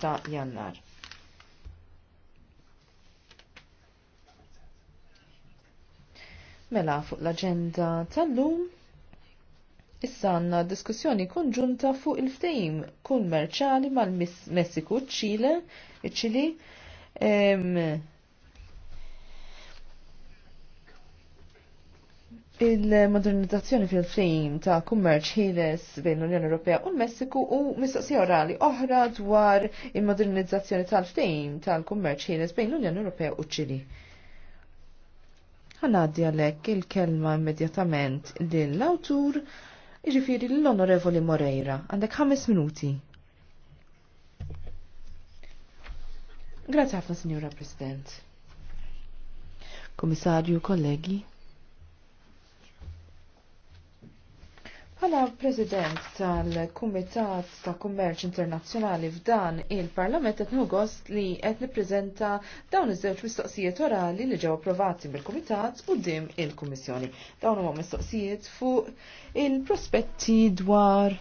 ta' jannar. Mela fuq l-agenda tal-lum Issa għanna diskussjoni konġunta fuq il-ftejim kummerċali mal-Messiku, ċile, ċili, Il-modernizzazzjoni fil-fejn ta' kummerċ ħieles bejn l-Unjoni Ewropea u l-Messiku u mistoqsija orali oħra dwar il-modernizzazzjoni tal-fejn tal-kummerċ ħieles bejn l-Unjoni Ewropea u ċili. Ħanaddi għalhekk il-kelma immedjatament l-awtur jiġifieri l-Onorevoli Moreira. Għandek ħames minuti. Grazie ħafna, Signora President. Komissarju, kollegi. Għala President tal-Kumitat ta' Kummerċ Internazzjonali f'dan il-Parlament qed nugost li qed nippreżenta dawn iż-żewġ mistoqsijiet orali li ġew approvati mill-Kumitat u dim il-Kummissjoni. Dawn huma mistoqsijiet fuq il-prospetti dwar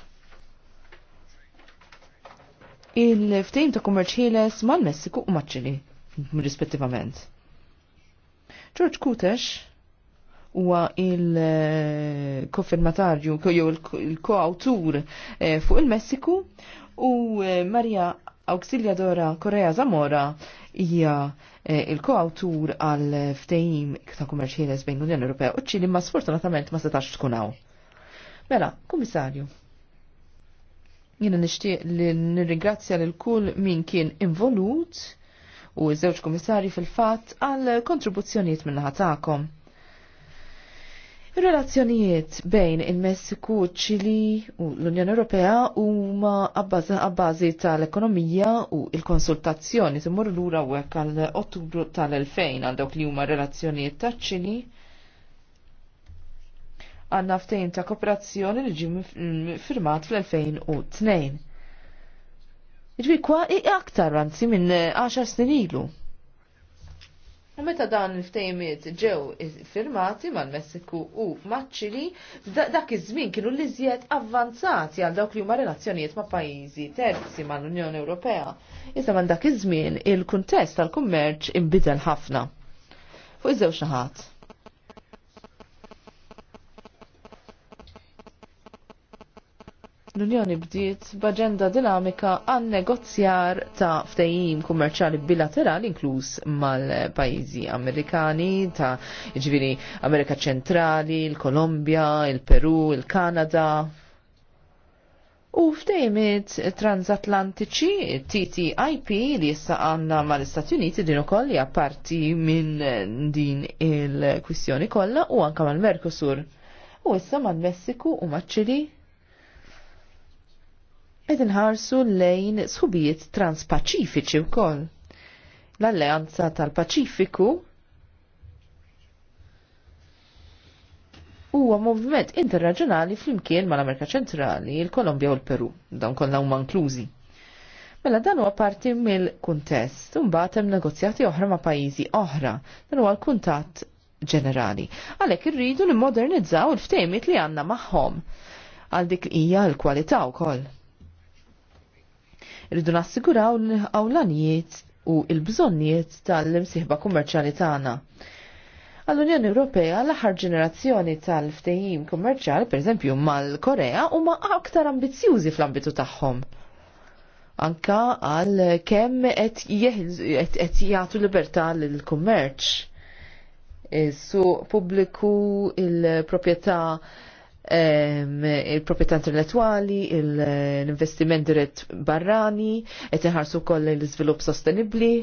il ftejn ta' kummerċ ħieles mal-Messiku u maċ rispettivament. George Kutesh huwa il-konfirmatarju jew il-koawtur eh, fuq il-Messiku u eh, Maria Auxiliadora Dora Korea Zamora hija eh, il-koawtur għal ftehim ta' kummerċieles bejn l-Unjoni Ewropea u ċili ma sfortunatament ma setax tkun hawn. Mela, kummissarju, jiena nixtieq li nirringrazzja lil kull min kien involut u ż-żewġ kummissarji fil-fatt għal kontribuzzjonijiet minnaħa tagħkom. Ir-relazzjonijiet bejn il-Messiku, ċili u l-Unjoni Ewropea huma għabbażi tal-ekonomija u il-konsultazzjoni timur lura hekk għal Ottubru tal-2000 għal dawk li huma relazzjonijiet ta' ċili. Għanna ftejn ta' kooperazzjoni li ġi firmat fl-2002. Ġvi kwa i aktar għanzi minn 10 snin ilu. U meta dan il-ftejmiet ġew firmati mal-Messiku u maċċili, dak iż-żmien kienu l-iżjed avvanzati għal dawk li huma relazzjonijiet ma' pajjiżi terzi mal-Unjoni Ewropea. Iżda man dak iż-żmien il-kuntest tal-kummerċ imbidel ħafna. Fuq iż-żewġ naħat. L-Unjoni bdiet b'aġenda dinamika għan negozjar ta' ftejim kummerċali bilaterali inkluż mal-pajjiżi Amerikani ta' ġviri jiġifieri Amerika Ċentrali, il-Kolombja, il-Peru, il-Kanada. U ftejmiet transatlantiċi TTIP li issa għanna mal-Istati Uniti din ukoll li parti minn din il-kwistjoni kollha u anke mal-Merkosur. U issa mal-Messiku u maċ-Ċili ed nħarsu lejn sħubijiet transpaċifiċi wkoll. L-Alleanza tal-Paċifiku huwa moviment interraġjonali flimkien mal-Amerika Ċentrali, il-Kolombja u l-Peru, dawn kollha huma inklużi. Mela dan huwa parti mill-kuntest, mbagħad hemm negozjati oħra ma' pajjiżi oħra, dan huwa l-kuntatt ġenerali. Għalhekk irridu nimmodernizzaw il ftejmit li għandna magħhom għal dik hija l-kwalità wkoll. Rridu nassiguraw l-awlanijiet u il-bżonnijiet tal-imsieħba kummerċjali tagħna. Għall-Unjoni Ewropea l-aħħar ġenerazzjoni tal-ftehim kummerċjali, pereżempju mal-Korea, huma aktar ambizzjużi fl-ambitu tagħhom anka għal kemm qed jagħtu libertà lill-kummerċ. Su pubbliku il-proprjetà il-proprietà intellettuali, l-investiment dirett barrani, qed inħarsu koll l-iżvilupp sostenibbli.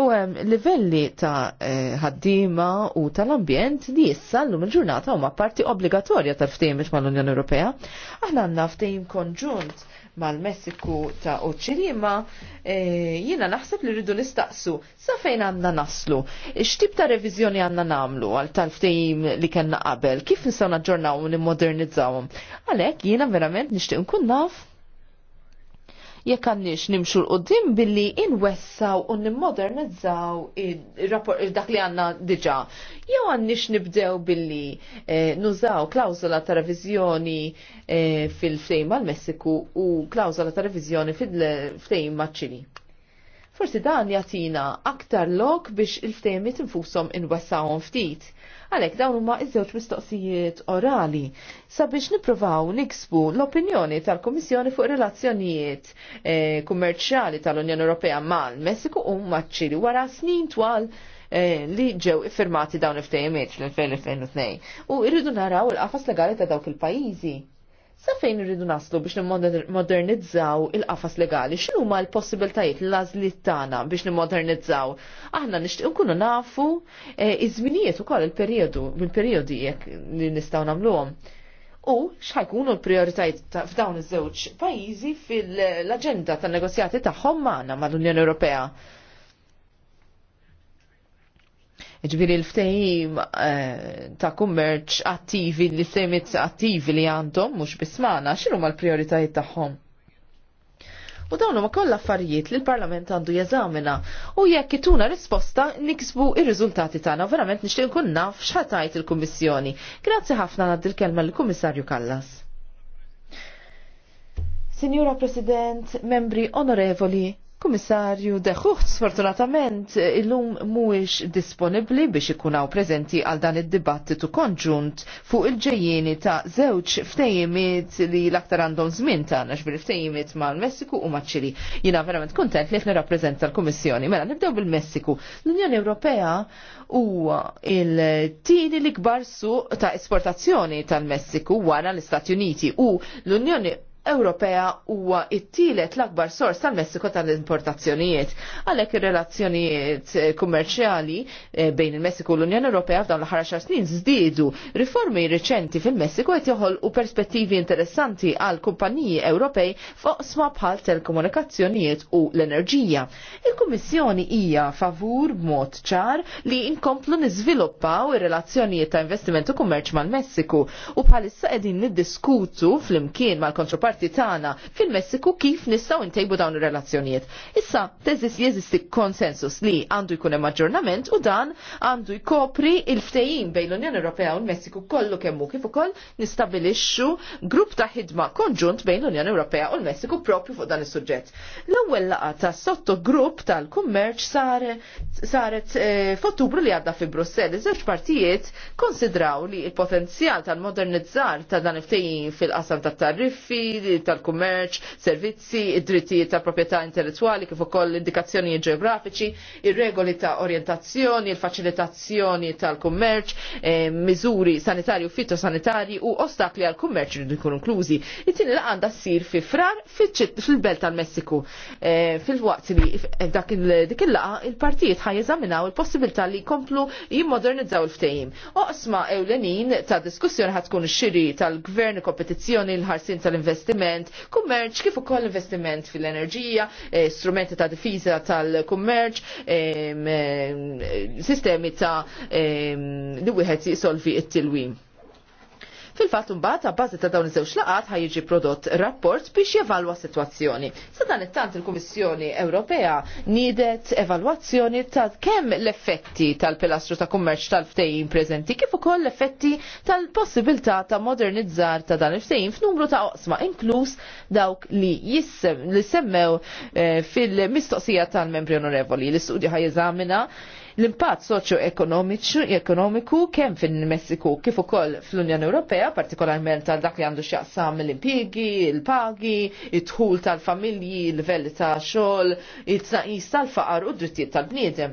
U hemm livelli ta' eh, ħaddiema u tal-ambjent li issa llum il-ġurnata huma parti obbligatorja tal-ftehim mal-Unjoni Ewropea. Aħna għandna ftehim konġunt mal-Messiku ta' u ċilima, e, jina naħseb li rridu nistaqsu sa' fejn għanna naslu. X'tib ta' revizjoni għanna namlu għal tal-ftejim li kanna qabel? Kif nistaw naġġornaw un-immodernizzawum? Għalek jina verament nishtiq nkun naf jekk għandniex nimxu l-qoddim billi inwessaw u nimmodernizzaw dak li għanna diġa. Jew għandniex nibdew billi eh, nużaw klawzola ta' revizjoni eh, fil fejma l-Messiku u klawzola ta' revizjoni fil eh, fejma ċili. Forsi dan jatina aktar lok biex il-ftejmiet infushom inwessawhom ftit. Għalhekk dawn huma iż-żewġ mistoqsijiet orali sabiex nippruvaw niksbu l-opinjoni tal-Kummissjoni fuq relazzjonijiet eh, kummerċjali tal-Unjoni Ewropea mal-Messiku u maċċili ċili wara snin twal eh, li ġew iffirmati dawn il-ftejmiet fl-2002 u irridu naraw il-qafas legali ta' dawk il-pajjiżi. Sa fejn irridu naslu biex nimmodernizzaw il-qafas legali? X'inhu huma l-possibiltajiet l-għażliet tagħna biex nimmodernizzaw? Aħna nixtieq nkunu nafu e, iż-żminijiet ukoll il-perjodu, mill perjodi jekk li nistgħu nagħmluhom. U x'ħajkunu l prijoritajiet f'dawn iż-żewġ pajjiżi fil-aġenda tan-negozjati tagħhom magħna mal-Unjoni Ewropea ġbiri l-ftehim eh, ta' kummerċ attivi, l-ftehimiet attivi li għandhom, mux bismana, xinu ma' l-prioritajiet tagħhom. U dawn huma kollha affarijiet li l-Parlament għandu jeżamina u jekk ituna risposta niksbu ir-riżultati tagħna u verament nishtiq nkun naf x'ħatajt il-Kummissjoni. Grazzi ħafna għad il-kelma l-Kummissarju Kallas. Signora President, membri onorevoli, Komissarju Deħuħt, sfortunatament, illum mhuwiex disponibbli biex ikunaw prezenti għal dan id-dibattitu konġunt fuq il-ġejjieni ta' żewġ ftejimiet li l-aktar għandhom żmien tagħna xbir ftejimiet mal-Messiku u maċ-Ċili. Jiena verament kontent li nirrappreżenta l-Kummissjoni. Mela nibdew bil-Messiku. L-Unjoni Ewropea huwa il-tieni li kbar su ta' esportazzjoni tal-Messiku wara l-Istati Uniti u l-Unjoni Ewropea huwa it-tielet l-akbar sors tal-Messiko tal-importazzjonijiet. Għalhekk ir-relazzjonijiet eh, kummerċjali eh, bejn il-Messiku u l-Unjoni Ewropea f'dawn l-aħħar xar snin żdiedu. Riformi riċenti fil-Messiku qed joħolqu perspettivi interessanti għal kumpaniji Ewropej f'oqsma bħal telekomunikazzjonijiet u l-enerġija. Il-Kummissjoni hija favur b'mod ċar li inkomplu niżviluppaw ir-relazzjonijiet ta' investiment u kummerċ mal-Messiku u bħalissa qegħdin niddiskutu fl-imkien mal-kontroparti parti tagħna fil-Messiku kif nistgħu ntejbu dawn ir-relazzjonijiet. Issa teżis jeżisti konsensus li għandu jkun hemm aġġornament u dan għandu jkopri il ftejin bejn l-Unjoni Ewropea u l-Messiku kollu kemm hu kif ukoll nistabilixxu grupp ta' ħidma konġunt bejn l-Unjoni Ewropea u l-Messiku propju fuq dan is-suġġett. L-ewwel laqgħa ta' sottogrupp tal-kummerċ saret eh, f'Ottubru li għadda fi Brussell. Iż-żewġ partijiet konsidraw li l potenzjal tal-modernizzar ta' dan il-ftehim fil-qasam tat tariffi, l tal-kummerċ, servizzi, id-drittijiet ta' proprjetà intellettuali kif ukoll indikazzjonijiet ġeografiċi, ir-regoli ta' orjentazzjoni, il-faċilitazzjoni tal-kummerċ, eh, miżuri sanitarji u fitosanitarji u ostakli għal kummerċ li jkunu inklużi. It-tieni għandha ssir fi frar fil-belt tal-Messiku. Eh, fil-waqt li dik il-laqa il-partijiet ħajeżaminaw il-possibilità li jkomplu jimmodernizzaw il-ftehim. Oqsma ewlenin ta' diskussjoni ħatkun xiri tal-gvern kompetizzjoni l-ħarsin tal-investimenti investiment, kummerċ kif ukoll investiment fil-enerġija, eh, strumenti ta' difiża tal-kummerċ, sistemi ta' li wieħed jisolvi it-tilwim. Fil-fatt mbagħad ta' bażi ta' dawn iż-żewġ laqat ħajjiġi prodott rapport biex jevalwa s-sitwazzjoni. Sa dan it-tant il-Kummissjoni Ewropea niedet evalwazzjoni ta' kemm l-effetti tal-pilastru ta' kummerċ tal ftejin preżenti kif ukoll l-effetti tal-possibilità ta' modernizzar ta' dan il-ftehim f'numru ta' oqsma inkluż dawk li jissem li semmew eh, fil-mistoqsija tal-membri onorevoli. L-istudju ħaj L-impatt soċjo-ekonomiku kemm fin-Messiku kif ukoll fl-Unjoni Ewropea, partikolarment għal dak li għandu x'jaqsam l-impjiegi, il-pagi, it-tħul tal-familji, l velli ta' xogħol, it-tnaqis tal-faqar u d-drittijiet tal-bniedem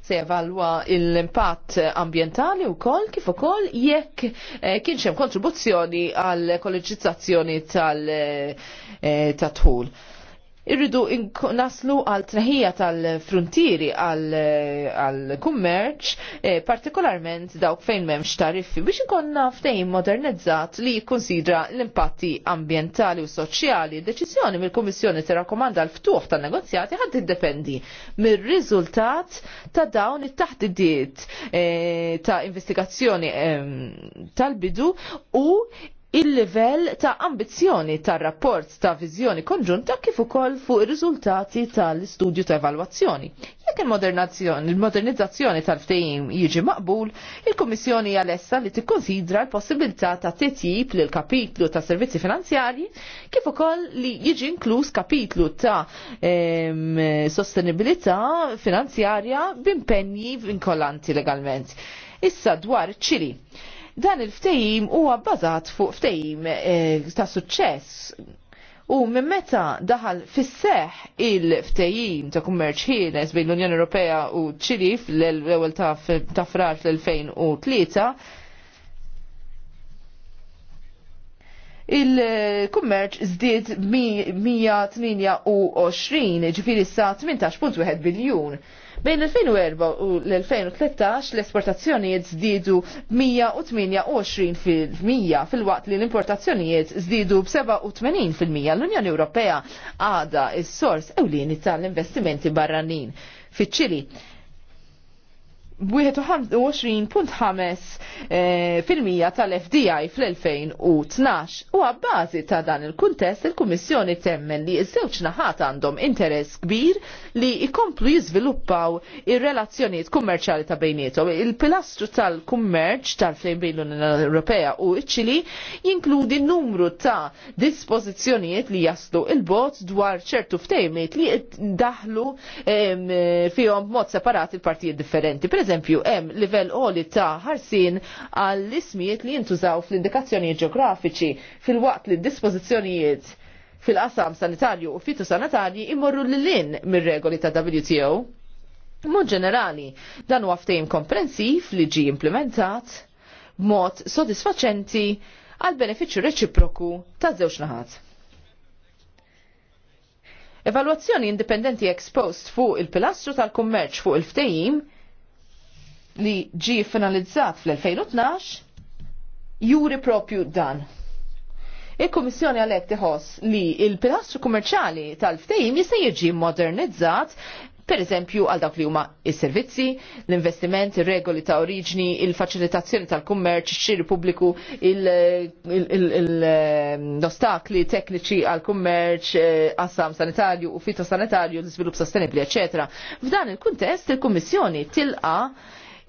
se jevalwa l-impatt ambientali u kif u jekk eh, kienxem kontribuzzjoni għal ekoloġizzazzjoni tal-tħul. Eh, irridu naslu għal traħija tal-frontieri għal-kummerċ, eh, partikolarment dawk fejn memx tariffi biex ikonna ftejn modernizzat li jikkonsidra l-impatti ambientali u soċjali. Deċizjoni mill-Kummissjoni tirrakkomanda l-ftuħ tan negozjati ħadd iddependi mir-riżultat ta' dawn it-taħdidiet eh, ta' investigazzjoni ehm, tal-bidu u il-livell ta' ambizzjoni tar rapport ta' viżjoni konġunta kif ukoll fuq ir-riżultati tal-istudju ta' evalwazzjoni. Jekk il-modernizzazzjoni tal-ftehim jiġi maqbul, il-Kummissjoni għalessa li tikkonsidra l-possibilità ta' titjib lil kapitlu ta' servizzi finanzjarji kif ukoll li jiġi inkluż kapitlu ta' sostenibilità finanzjarja b'impenji vinkolanti legalment. Issa dwar ċili. Dan il-ftejim huwa bbażat fuq ftejim eh, ta' suċċess U minn meta daħal fis-seħ il ftejim ta' kummerċ ħieles bejn l-Unjoni Ewropea u ċili fl-ewwel ta' frar fl-2003, il-kummerċ żdied 128 ġifiri sa 18.1 biljun Bejn l-2004 u l-2013 l-esportazzjonijiet zdidu 128% fil-waqt li l-importazzjonijiet zdidu b-87%. L-Unjoni Ewropea għada is-sors ewlieni tal-investimenti barranin fiċ-Ċili 21.5 eh, fil-mija tal-FDI fl-2012 u għabbażi ta' dan il-kuntest il-Kummissjoni temmen li iż-żewġ naħat għandhom interess kbir li ikomplu jiżviluppaw ir-relazzjonijiet kummerċali ta' bejnietom. Il-pilastru tal-kummerċ tal-fejn bejn l-Unjoni Ewropea u ċili jinkludi numru ta' dispożizzjonijiet li jaslu il-bot dwar ċertu ftejmiet li daħlu fihom mod separat il-partijiet differenti. Per Eżempju hemm livell għoli ta' ħarsin għall-ismijiet li jintużaw fl-indikazzjonijiet ġeografiċi fil-waqt li dispożizzjonijiet fil-qasam sanitarju u fitosanitarji immorru l-lin mir-regoli ta' WTO. Mod ġenerali, dan huwa ftehim komprensiv li ġi implementat b'mod sodisfaċenti għal benefiċċju reċiproku ta' żewġ naħat. Evalwazzjoni indipendenti ex post fuq il-pilastru tal-kummerċ fuq il-ftehim li ġi finalizzat fl-2012 juri propju dan. Il-Komissjoni għalek tiħos li il-pilastru kummerċali tal-ftejim jista' jiġi modernizzat per eżempju għal dawk li huma s servizzi l-investiment, ir-regoli ta' oriġni, il-faċilitazzjoni tal-kummerċ, xiri pubbliku, ehm, l-ostakli tekniċi għal kummerċ, eh, assam sanitarju u fitosanitarju, l izvilup sostenibbli, eċetera. F'dan il-kuntest il-Kummissjoni tilqa'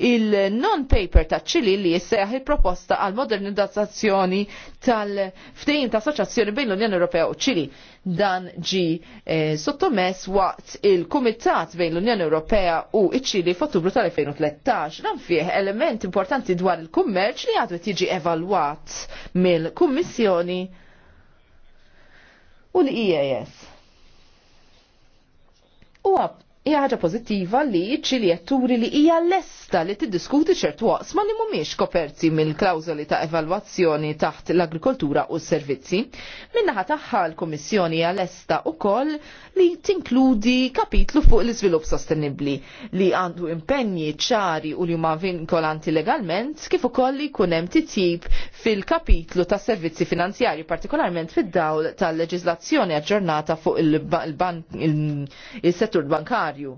il-non-paper ta' ċili li jisseħ il-proposta għal modernizzazzjoni tal-ftejim ta' assoċjazzjoni bejn l-Unjoni Ewropea u ċili. Dan ġi eh, sottomess waqt il-Kumitat bejn l-Unjoni Ewropea u ċili f'Ottubru tal-2013. Dan fih element importanti dwar il-kummerċ li għadu tiġi evalwat mill-Kummissjoni u l-IAS. U għab, ħaġa pozittiva li ċili jatturi li hija less lesta li tiddiskuti ċertu waqsma li mhumiex koperti mill klawzoli ta' evalwazzjoni taħt l-agrikoltura u s-servizzi. Minnaħa tagħha l-Kummissjoni hija lesta wkoll li tinkludi kapitlu fuq l-iżvilupp sostenibbli li għandu impenji ċari u li huma vinkolanti legalment kif ukoll li jkun hemm titjib fil-kapitlu ta' servizzi finanzjarji partikolarment fid-dawl tal-leġiżlazzjoni aġġornata fuq il-settur bankarju.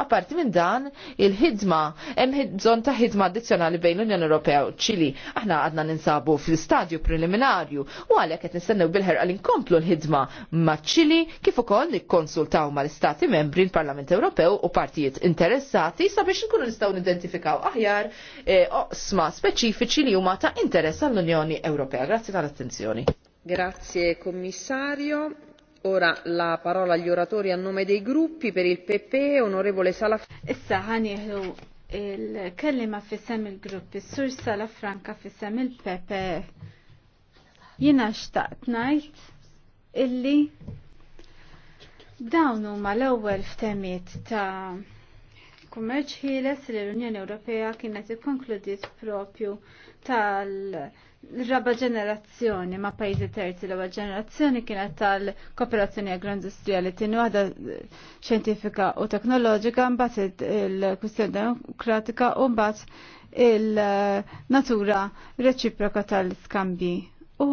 Apparti minn dan, il-ħidma hemm zon ta' ħidma addizzjonali bejn l-Unjoni Ewropea u Ċili. Aħna għadna ninsabu fil-stadju preliminarju u għalhekk qed nistennew bil-ħerqa li nkomplu l-ħidma ma' Ċili kif ukoll nikkonsultaw mal-Istati membri l-Parlament Ewropew u partijiet interessati sabiex nkunu nistgħu nidentifikaw aħjar eh, oqsma speċifiċi li huma ta' interess għall-Unjoni Ewropea. Grazzi tal-attenzjoni. Grazie Commissario. Ora la parola agli oratori a nome dei gruppi per il PP, onorevole Salaf. Issa ħanieħdu il-kellima sem il-grupp, il-sur sala franka fissem il-pepe. Jina xtaqt najt illi dawn huma l-ewwel ftemiet ta' kummerċ ħieles li l-Unjoni Ewropea kienet ikkonkludiet propju tal- l-raba ġenerazzjoni ma' pajzi terzi l-ewwel ġenerazzjoni kienet tal-kooperazzjoni agroindustrijali tieni waħda xjentifika u teknoloġika mbagħad il-kwistjoni demokratika u mbagħad il-natura reċiproka tal-skambji. U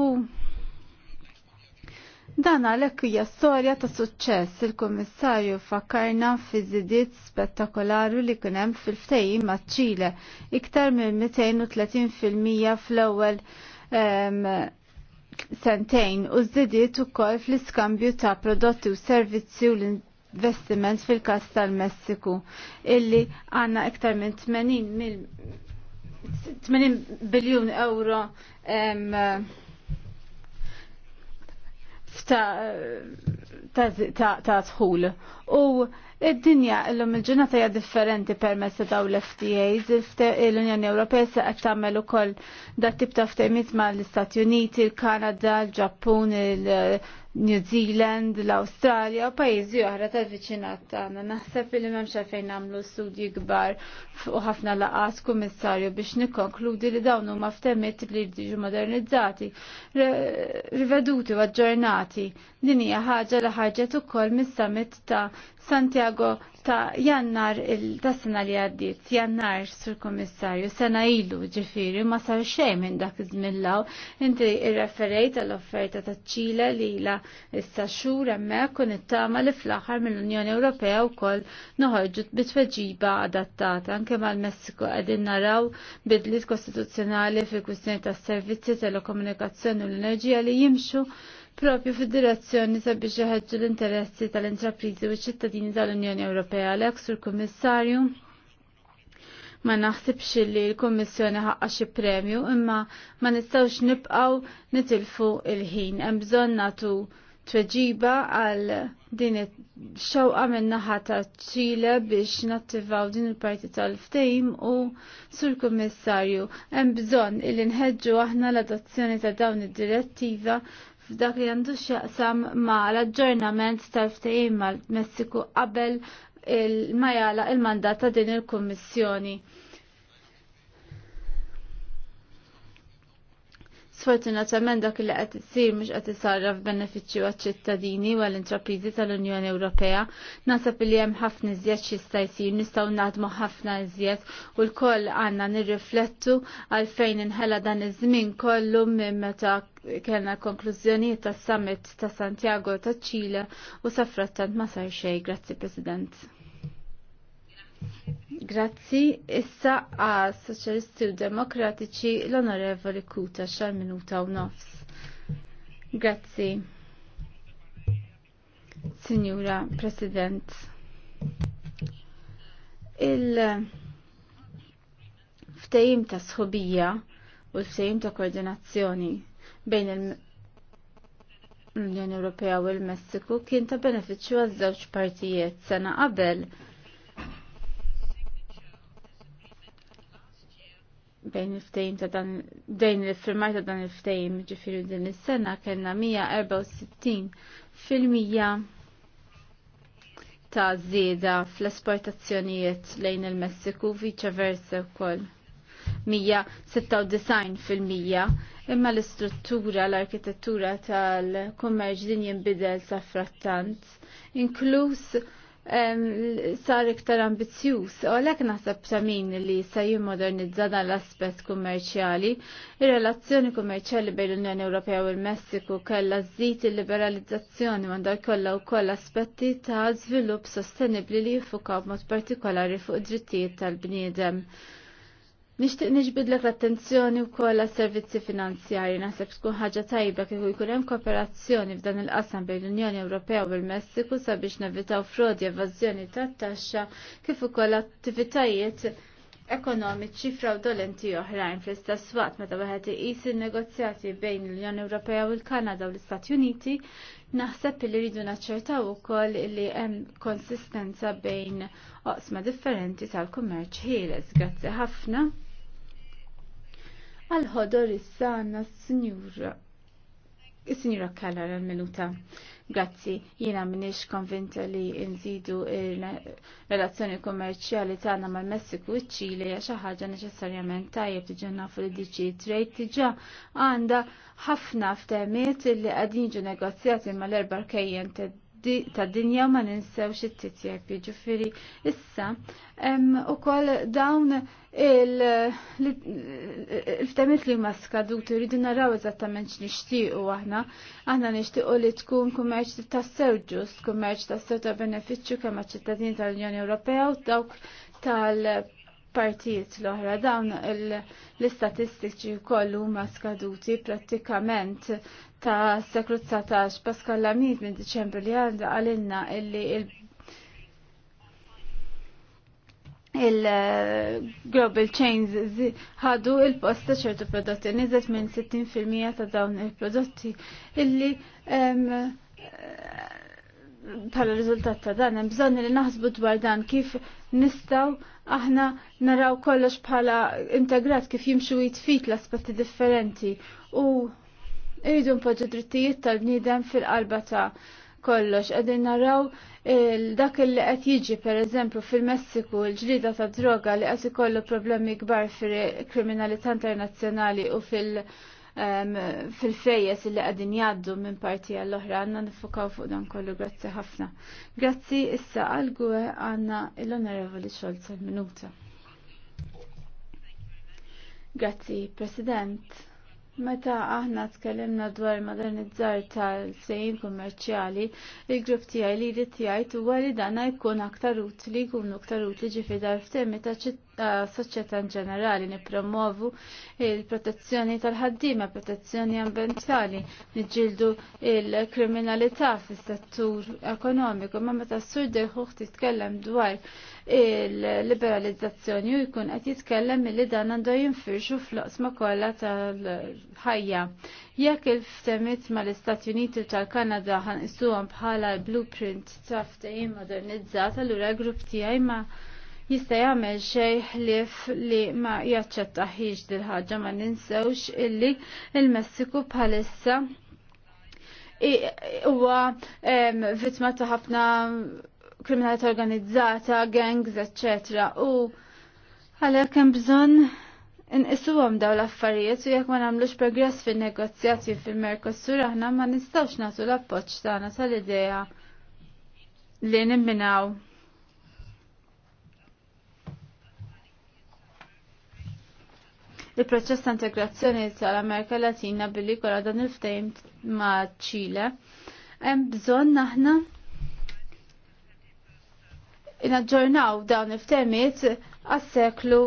Dan għalhekk hija storja ta' suċċess il-Kummissarju fakkarna fi żidiet spettakolari li kien hemm fil-ftehim maċ-Ċile iktar minn 230% fl-ewwel sentejn u żidiet ukoll fl-iskambju ta' prodotti u servizzi u l-investiment fil-kas tal-Messiku illi għandna iktar minn 80 80 biljun euro ta' tħul. U id-dinja l-lum il-ġurnata hija differenti permezz ta' daw l-FTAs, l-Unjoni Ewropea se qed tagħmel ukoll dat tip ta' ftehmiet ma' l-Istati Uniti, il-Kanada, il-Ġappun, il New Zealand, l-Australia u pajjiżi oħra tal-viċinat għana. Naħseb li m'hemmx għalfejn nagħmlu studji kbar u ħafna laqas kummissarju biex nikkonkludi li dawn huma ftemiet li jridu modernizzati, riveduti u aġġornati. Din hija ħaġa li ħarġet ukoll mis-summit ta' Santiago ta' jannar il-tas-sena li għaddiet, jannar sur komissarju, sena ilu ġifiri, ma sar xej minn dak iżmillaw, inti irreferejt għall-offerta ta' ċile li la issa xur emme kun it-tama li fl-axar mill-Unjoni Ewropea u kol noħorġu bitfeġiba adattata, anke mal messiko għedin naraw bidlit kostituzzjonali fil kwistjoni ta' servizzi, telekomunikazzjoni u l-enerġija li jimxu propju fid-direzzjoni sabiex jeħeġġu l-interessi tal-intrapriżi u ċittadini tal-Unjoni Ewropea l sur kummissarju ma naħsibx li l-Kommissjoni ħaqqa xi premju imma ma nistgħux nibqgħu nitilfu il-ħin. Hemm bżonn nagħtu tweġiba għal din ix-xewqa minn naħa ta' Ċile biex nattivaw din il-parti tal-ftejm u sur kummissarju hemm bżonn li nħeġġu aħna l-adozzjoni ta' dawn id-direttiva f'dak li għandu xaqsam ma' l-aġġornament tal-ftehim mal-Messiku qabel il-majala il-mandat ta' din il-Kummissjoni. Sfortunatament dak li qed isir mhux qed isarra f'benefiċċju għaċ-ċittadini u għall-intrapriżi tal-Unjoni Ewropea. Nasab li hemm ħafna iżjed xi jista' jsir, nistgħu naħdmu ħafna iżjed u l-koll għandna nirriflettu għalfejn inħela dan iż-żmien kollu minn meta kellna konklużjonijiet tas-summit ta' Santiago ta' Ċile u safrattant ma sar xejn. Grazzi President. Grazzi, issa għal Soċjalisti u Demokratiċi l-Onorevoli Kuta xal minuta u nofs. Grazzi. Signora President. Il- ftejim ta' sħobija u l-ftejim ta' koordinazzjoni bejn l-Unjoni Ewropea u l-Messiku kien ta' beneficju għaż-żewġ partijiet sena qabel bejn il-ftejm ta' dan, dejn il-firmaj ta' dan il-ftejm ġifiri din is-sena kellna 164 fil-mija ta' zida fl-esportazzjonijiet lejn il-Messiku viċa versa wkoll. 196 fil-mija imma l-istruttura, l-arkitettura tal kommerġ din jinbidel sa' frattant, inkluż sar iktar ambizzjuż u għalhekk naħseb ta' min li se jimmodernizza dan l-aspett kummerċjali. Ir-relazzjoni kummerċjali bejn l-Unjoni Ewropea u l-Messiku kellha żżid il-liberalizzazzjoni mandar kollha wkoll aspetti ta' żvilupp sostenibbli li jiffukaw b'mod partikolari fuq id-drittijiet tal-bniedem. Nishtiq nġbidlek l-attenzjoni u koll servizzi finanzjari, naħseb tkun ħaġa tajba kieku jkun hemm kooperazzjoni f'dan il-qasam bejn l-Unjoni Ewropea u l-Messiku sabiex nevitaw frodi, evażjoni tat-taxxa kif ukoll attivitajiet ekonomiċi fraudolenti oħrajn fl-istess waqt meta wieħed iqis in-negozjati bejn l-Unjoni Ewropea u l-Kanada u l-Istati Uniti, naħseb li rridu naċċertaw ukoll li hemm konsistenza bejn oqsma differenti tal-kummerċ ħieles. Grazzi ħafna. Għal-ħodor issa għandna s-Sinjura is-Sinjura Kallar għal minuta Grazzi, jina minix konvinta li nżidu relazzjoni kommerċjali tagħna mal-Messiku u ċ-Ċili hija xi ħaġa neċessarjament tajjeb diġà nafu li diċi trade diġà għandha ħafna ftehmiet li qegħdin ġu negozjati mal-erba' kejjen ta' dinja ma ninsewx it-titjeb, ġifiri issa. U koll dawn il-ftemet li ma skaduti rridu naraw eżattament x'nixtiequ aħna. Aħna nixtiequ li tkun kummerċ tassew sew ġust, kummerċ ta' sew ta' benefiċċju kemm ċittadini tal-Unjoni Ewropea u dawk tal partijiet l-oħra dawn l-istatistiċi kollu ma skaduti prattikament ta' seklu 19 Pascal Lamid minn Deċembru li għanda għalinna illi il- eh, global chains ħadu il-post ta' ċertu prodotti nizet minn 60% ta' dawn il-prodotti illi eh, tal riżultat ta' dan hemm bżonn li naħsbu dwar dan kif nistaw aħna naraw kollox bħala integrat kif jimxu jitfit l-aspetti differenti u Iridu npoġġu drittijiet tal-bniedem fil-qalba ta' kollox. Qegħdin naraw dak li qed jiġi pereżempju fil-Messiku l-ġlida ta' droga li qed ikollu problemi kbar fil-kriminalità internazzjonali u fil- fil-fejjes li qegħdin jgħaddu minn parti għall-oħra għandna nifukaw fuq dan kollu grazzi ħafna. Grazzi issa għal gwe għandna l-Onorevoli Scholz minuta Grazzi, President. Meta aħna tkellimna dwar modernizzar tal-sejn kummerċjali, il-grupp tiegħi li jrid jgħid huwa li dan jkun aktar utli jkunu aktar utli ġifi dar ftehmi ta' ċittadini ta' soċjetà ġenerali nippromovu il-protezzjoni tal-ħaddiema, protezzjoni ambjentali, niġġieldu il-kriminalità fis-settur ekonomiku, ma meta s-sur dejħuħ titkellem dwar il-liberalizzazzjoni u jkun qed jitkellem milli dan għandu jinfirxu fl-oqsma kollha tal-ħajja. Jekk il-ftemiet mal-Istati Uniti tal-Kanada ħan isuhom bħala blueprint ta' ftehim modernizzat, allura grupp tiegħi ma' jista' jagħmel xejn ħlief li ma jaċċettaħiex dil ħaġa ma ninsewx illi il-Messiku bħalissa huwa vittma ta' ħafna kriminalità organizzata, gangs, eċċetera. U għalhekk hemm bżonn Inqisuhom daw l-affarijiet u jekk ma nagħmlux progress fin-negozjati fil-Merkosur aħna ma nistgħux nagħtu l-appoġġ tagħna tal-idea li nimminaw li proċess ta' integrazzjoni tal-Amerika Latina billi kora dan il-ftejm ma' ċile. Hemm bżonn aħna inaġġornaw dawn il-ftemiet għas-seklu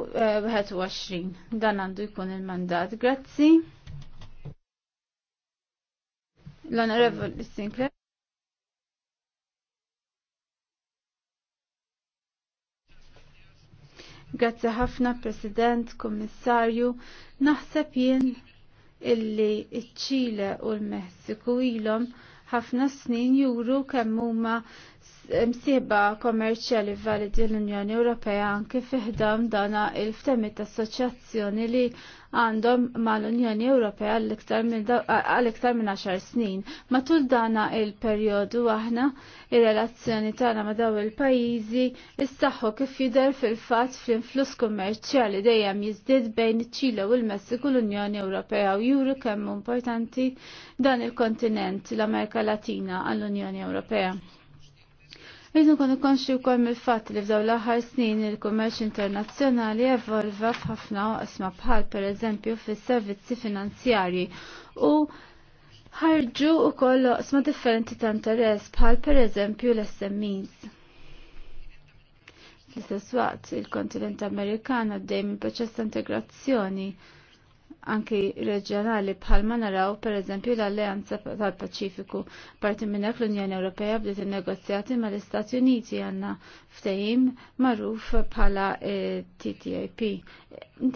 21. Eh, dan għandu jkun il-mandat. Grazzi. L-Onorevoli Sinclair. Grazzi ħafna President, Kommissarju, naħseb jien illi iċ-Ċile u l-Messiku ilhom ħafna snin juru kemm huma msiba kommerċjali validi l-Unjoni Ewropea anke fiħdam dana il ta' assoċjazzjoni li għandhom mal-Unjoni Ewropea għal-iktar minn 10 snin. Matul dana il-perjodu aħna il relazzjoni tagħna ma' daw il-pajjiżi issaħħu kif jidher fil-fatt fl-influss kummerċjali dejjem jiżdied bejn iċ-Ċile u l-Messiku l-Unjoni Ewropea u juru kemm importanti dan il-kontinent l-Amerika Latina għall-Unjoni Ewropea. Rridu nkunu konxi wkoll mill-fatt li f'daw l-aħħar snin il-kummerċ internazzjonali evolva f'ħafna oqsma bħal pereżempju fis-servizzi finanzjarji u ħarġu wkoll oqsma differenti ta' interess bħal pereżempju l-SMEs. Fl-istess waqt il-kontinent Amerikan għaddej mill-proċess ta' integrazzjoni anki reġjonali bħalma naraw per eżempju l-Alleanza tal-Paċifiku. Parti minn hekk l-Unjoni Ewropea bdiet innegozjati mal-Istati Uniti għandna ftehim magħruf bħala eh, TTIP.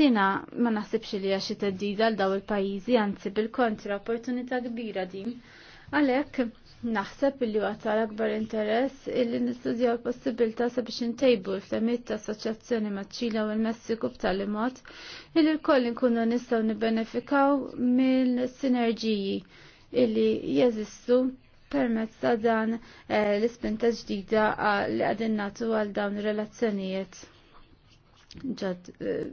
Dina ma naħsibx li għaxi t-dida l daw il-pajjiżi anzi bil-kontra opportunità kbira din. Għalhekk Naħseb illi għat għal akbar interess illi nistudjaw l-possibilità sabiex intejbu l-ftemiet ta' assoċjazzjoni maċ-Ċila u l-Messiku b'tali mod illi l-koll nkunu nistgħu nibbenefikaw mill-sinerġiji illi jeżistu permezz ta' dan eh, l-ispinta ġdida eh, li għadin natu għal dawn ir relazzjonijiet ġad eh,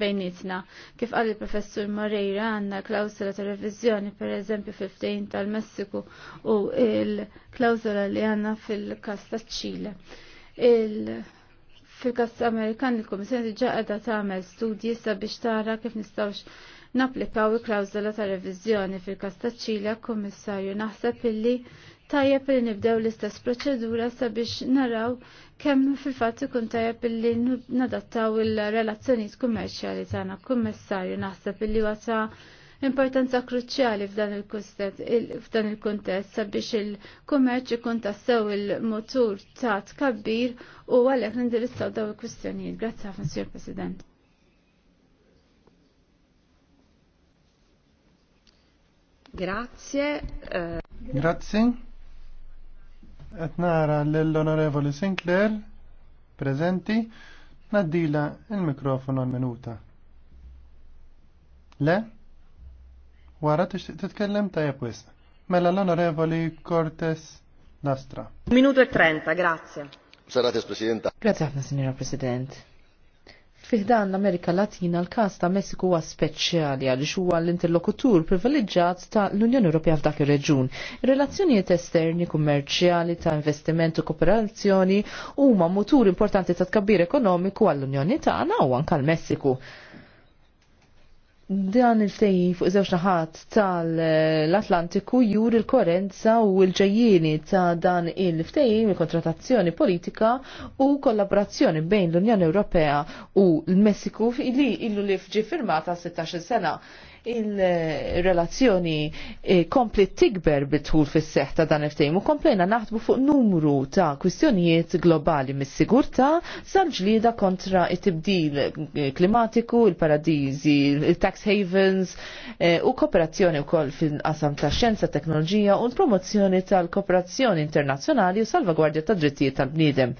bejnietna. Kif għal il-professur Moreira għanna klausula ta' revizjoni per eżempju fil-ftejn tal-Messiku u il-klawsola li għanna fil-kas ta' ċile. Fil-kas Amerikan il-Komissjoni diġa qiegħda tagħmel studji sabiex tara kif nistgħux napplikaw il-klawsola ta' revizjoni fil-kas ta' ċile, kummissarju naħseb illi tajjeb li nibdew l-istess proċedura sabiex naraw kemm fil-fatt ikun tajjeb li nadattaw il-relazzjonijiet kummerċjali tagħna kummissarju naħseb illi huwa importanza kruċjali f'dan il-kuntest sabiex il-kummerċ ikun tassew il-motur ta' tkabbir u għalhekk nindirizzaw daw il-kwistjonijiet. Grazzi ħafna, Sir President. Grazie. Eh. Grazie etnara nara lill-Onorevoli Sinclair presenti. naddila il mikrofono għal-minuta. Le? Wara tixtieq titkellem tajjeb wisq. Mela l-Onorevoli Cortes Nastra. Minuto e 30, grazie. Grazie, Presidenta. Grazie Signora Presidente. Fiħdan l-Amerika Latina l-kas ta' Messiku huwa speċjali għaliex huwa l-interlokutur privileġġjat ta' l-Unjoni Ewropea f'dak ir-reġun. Relazzjonijiet esterni, kummerċjali, ta' investiment u kooperazzjoni huma mutur importanti ta' tkabbir ekonomiku għall-Unjoni tagħna u anke l-Messiku dan il-ftejjin fuq żewġ naħat tal-Atlantiku jur il-korenza u l-ġejjieni ta' dan il-ftejjin il-kontratazzjoni politika u kollaborazzjoni bejn l-Unjoni Ewropea u l-Messiku li illu li fġi firmata 16 sena il-relazzjoni eh, kompli tikber bitħul fis seħħ ta' dan il-ftejm u komplejna naħdbu fuq numru ta' kwistjonijiet globali mis sigurtà sal kontra it-tibdil eh, klimatiku, il-paradizi, il-tax havens eh, u kooperazzjoni wkoll fil-qasam ta' xenza, teknoloġija u l-promozzjoni tal-kooperazzjoni internazzjonali u salvagwardja tad drittijiet tal-bniedem.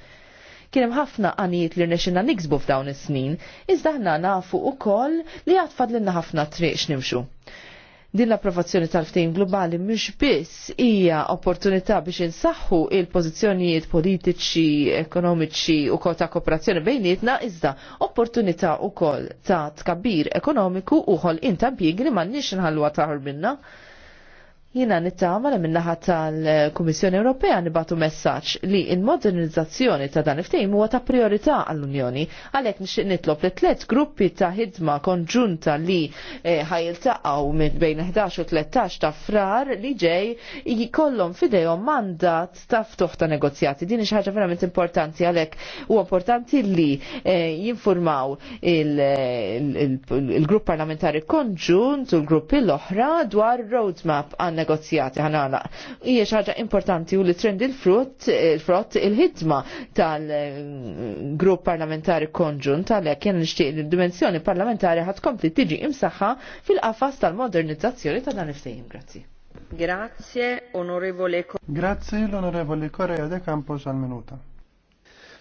Kien hemm ħafna għanijiet li rnexxinna niksbu f'dawn is-snin, iżda aħna nafu wkoll li l-inna ħafna triq nimxu. Din l-approvazzjoni tal ftejn globali mhux biss hija opportunità biex insaħħu il-pożizzjonijiet politiċi, ekonomiċi u kol ta' kooperazzjoni bejnietna iżda opportunità wkoll ta' tkabbir ekonomiku u ħolqien ta' impjiegi li m'għandniex inħalluha taħor minna. Jina nittama li minnaħa tal-Kummissjoni Ewropea nibatu messaċ li il-modernizzazzjoni ta' dan iftejmu huwa ta' priorità għall-Unjoni. Għalhekk nixtieq nitlob li tliet gruppi ta' ħidma konġunta li eh, ħajiltaqgħu minn bejn 11 u 13 ta' frar li ġej jkollhom fidejhom mandat ta' ftuħ ta' negozjati. Din xi ħaġa verament importanti għalhekk huwa importanti li eh, jinformaw il-grupp parlamentari konġunt u l-gruppi l-oħra dwar roadmap għan negozjati ħanana. Hija xi ħaġa importanti u li trend il-frott il il-ħidma tal-grupp parlamentari konġunt għalhekk jien nixtieq li dimensjoni parlamentari ħat kompli tiġi imsaħħa fil-qafas tal-modernizzazzjoni ta' dan il Grazzi. Grazie, onorevole Correa. Grazie, l'onorevole Correa de Campos al minuta.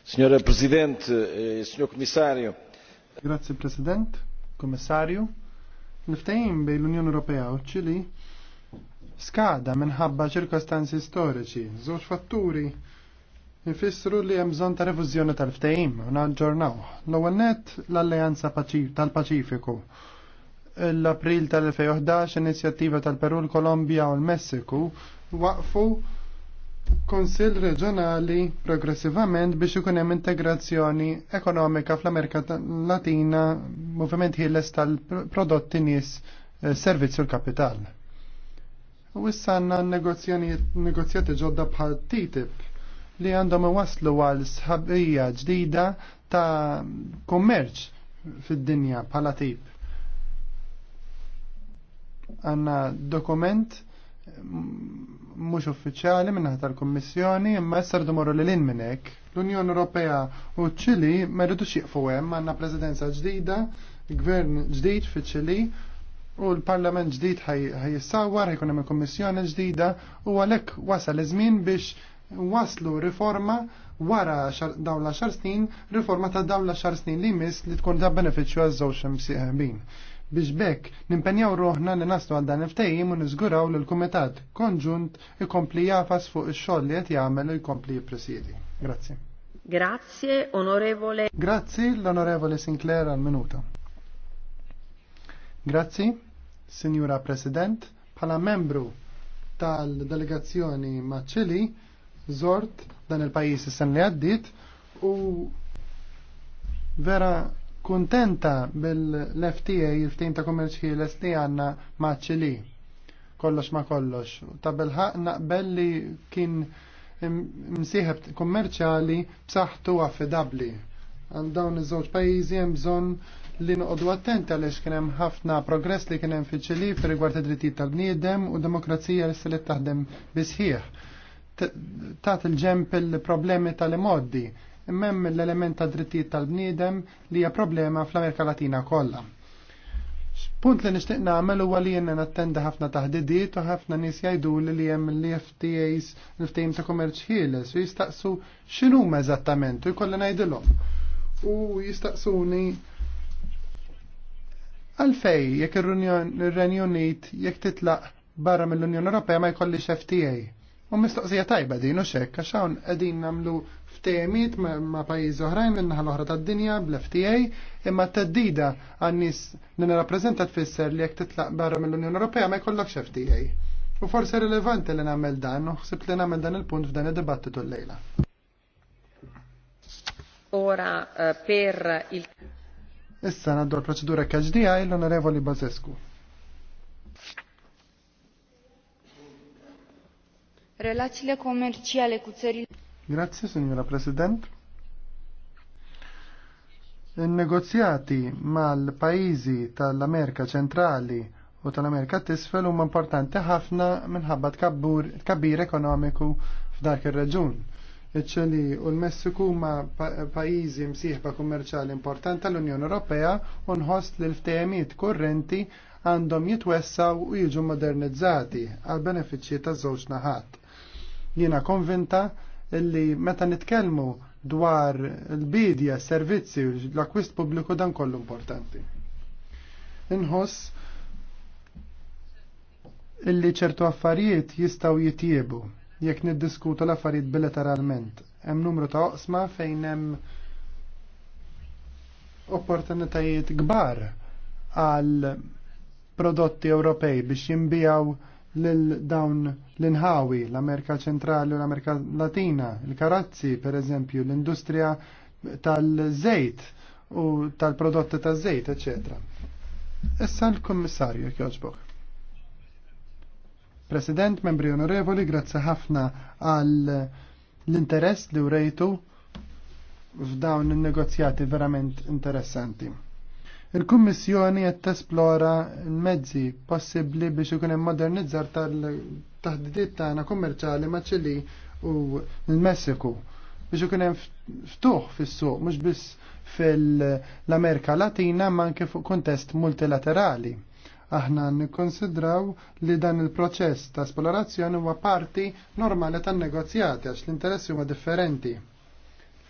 Signora Presidente, eh, signor Commissario. Grazie President, Commissario. Niftejn bej l-Unjoni Europea u ċili skada minħabba ċirkostanzi storiċi, żewġ fatturi jfissru li hemm bżonn ta' revużjoni tal-ftehim u naġġornaw. L-ewwel net l-Alleanza tal-Paċifiku. L-April tal-2011 inizjattiva tal-Peru, l kolombia u l-Messiku waqfu Konsil reġjonali progressivament biex ikun hemm integrazzjoni ekonomika fl-Amerika Latina, moviment ħilles tal-prodotti nies, eh, servizzu l-kapital. U issa għanna negozjati ġodda bħal TTIP li għandhom waslu għal sħabija ġdida ta' kummerċ fid-dinja bħala TTIP. Għanna dokument mm, mhux uffiċjali minn tal-Kummissjoni imma issa rdu morru lil minn hekk. L-Unjoni Ewropea u ċili ma rridux jieqfu hemm għandna presidenza ġdida, gvern ġdid fi ċili u l-parlament ġdid ħajissawar, ħajkun hemm kommissjoni ġdida u għalhekk wasal iż-żmien biex waslu riforma wara dawn l snin, riforma ta' dawn l snin li mis li tkun ta' benefiċċju għaż-żewġ imsieħbin. Biex bekk nimpenjaw ruħna li naslu għal dan il u niżguraw li l-Kumitat Konġunt ikompli jafas fuq ix-xogħol li qed jagħmel u jkompli jippresjedi. Grazzi. Grazie, onorevole. Grazzi l-onorevole Sinclair għal minuta. Grazzi. Signora President, bħala membru tal-delegazzjoni maċċili, zort dan il-pajis is-sen li għaddit u vera kontenta bil-FTA, il ftin ta' komerċi l-esti għanna maċċili. Kollox ma kollox. Ta' bil-ħaq naqbel li kien msieħeb kummerċali b'saħħtu affidabbli. Għal dawn iż-żewġ pajjiżi hemm bżonn li noqogħdu attenti għaliex kien hemm ħafna progress li kien hemm fiċili fir rigward id-drittijiet tal-bniedem u demokrazija li se taħdem bisħieħ. Tat il-ġemp il-problemi tal-imoddi, imma l-element ta' drittijiet tal-bniedem li hija problema fl-Amerika Latina kollha. Punt li nishtiq nagħmel huwa li jenna nattenda ħafna taħdidiet u ħafna nies jgħidu li hemm li FTAs, l-FTAs ta' kummerċ ħieles u jistaqsu x'inhuma eżattament u jkollha ngħidilhom. U jistaqsuni Għalfej, jekk ir-Renju Unit jekk titlaq barra mill-Unjoni Ewropea ma jkollix FTA. U mistoqsija tajba din u xekk għax hawn qegħdin nagħmlu ftehimiet ma' pajjiżi oħrajn minnaħa l-oħra tad-dinja bl-FTA, imma t-teddida għan-nies li nirrappreżenta tfisser li jekk titlaq barra mill-Unjoni Ewropea ma jkollokx FTA. U forse rilevanti li nagħmel dan u ħsibt li nagħmel dan il-punt f'dan id-dibattitu llejla. Ora eh, per il Issa għandu l-proċedura KHDI l-Onorevoli Bazescu. Relazzjoni komerċjali ku ċeri. Grazie, signora President. Il-negozjati mal-pajizi tal-Amerika ċentrali u tal-Amerika t-isfel huma importanti ħafna minħabba tkabbir ekonomiku f'dak ir-reġun iċ u l-Messiku huma pajjiżi msieħba kummerċjali importanti tal-Unjoni Ewropea u nħoss li l-ftehimiet kurrenti għandhom jitwessaw u jiġu modernizzati għal benefiċċji taż-żewġ naħat. Jiena konvinta li meta nitkellmu dwar il-bidja, servizzi u l-akwist pubbliku dan kollu importanti. Inħoss illi ċertu affarijiet jistaw jitjiebu jekk niddiskutu l-affarijiet bilateralment. Hemm numru ta' oqsma fejn hemm opportunitajiet kbar għal prodotti Ewropej biex jinbijaw lil dawn l-inħawi, l-Amerika ċentrali u l-Amerika Latina, il-karazzi per eżempju, l-industrija tal-żejt u tal-prodotti tal-żejt, eccetera. Issa l-Kummissarju jogħġbok. President, membri onorevoli, grazzi ħafna għal l-interess li urejtu f'dawn il-negozjati verament interessanti. Il-Kummissjoni qed tesplora l-mezzi possibbli biex ikun hemm modernizzar tal-taħdidiet tagħna kummerċjali ma' Ċili u l-Messiku biex ikun hemm ftuħ fis-suq mhux biss fil-Amerika Latina ma anke fuq kontest multilaterali Aħna nikkonsidraw li dan il-proċess ta' esplorazzjoni huwa parti normali tan-negozjati għax l-interessi huma differenti.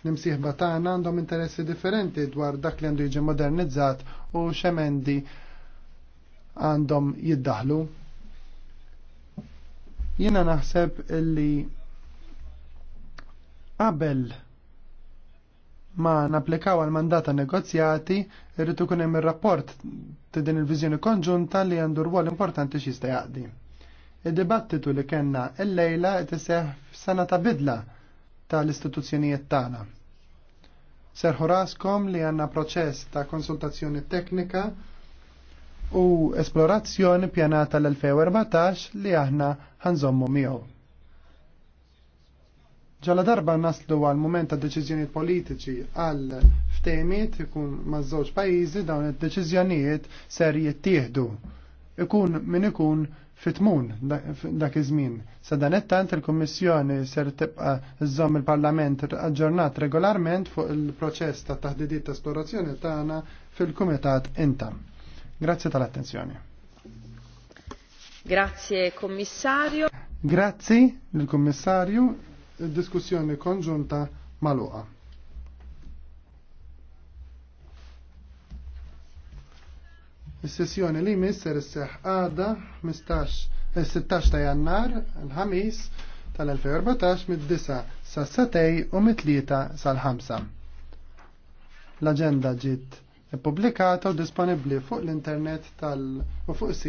L-imsieħba tagħna għandhom interessi differenti dwar dak li għandu jiġi modernizzat u xemendi għandhom jiddaħlu. Jiena naħseb li qabel ma naplikaw għal mandata negozjati irritu kun hemm ir-rapport ta' din il-viżjoni konġunta li għandu rwol importanti x'jista' jaqdi. Id-dibattitu li kellna l-lejla qed iseħħ f'sena ta' bidla tal-istituzzjonijiet tagħna. Serħu raskom li għanna proċess ta' konsultazzjoni teknika u esplorazzjoni pjanata l-2014 li aħna ħanżommu miegħu. Ġala darba naslu għal moment ta' deċiżjonijiet politiċi għal ftemiet ikun maż-żewġ pajjiżi dawn id-deċiżjonijiet ser jittieħdu. Ikun min ikun fitmun dak iż-żmien. Sa it-tant il-Kummissjoni ser tibqa' żomm il-Parlament aġġornat regolarment fuq il-proċess ta' taħdidiet ta' esplorazzjoni tagħna fil-Kumitat Intam. Grazzi tal-attenzjoni. Grazie Kommissarju. Grazzi lill-Kummissarju diskussjoni konġunta maluqa. Is-sessjoni li misser s-seħ għada 16 eh, ta' jannar l ħamis tal-2014 mid-9 sa' satej u mit-3 sal-5. L-agenda ġiet publikata u disponibbli fuq l-internet tal- u fuq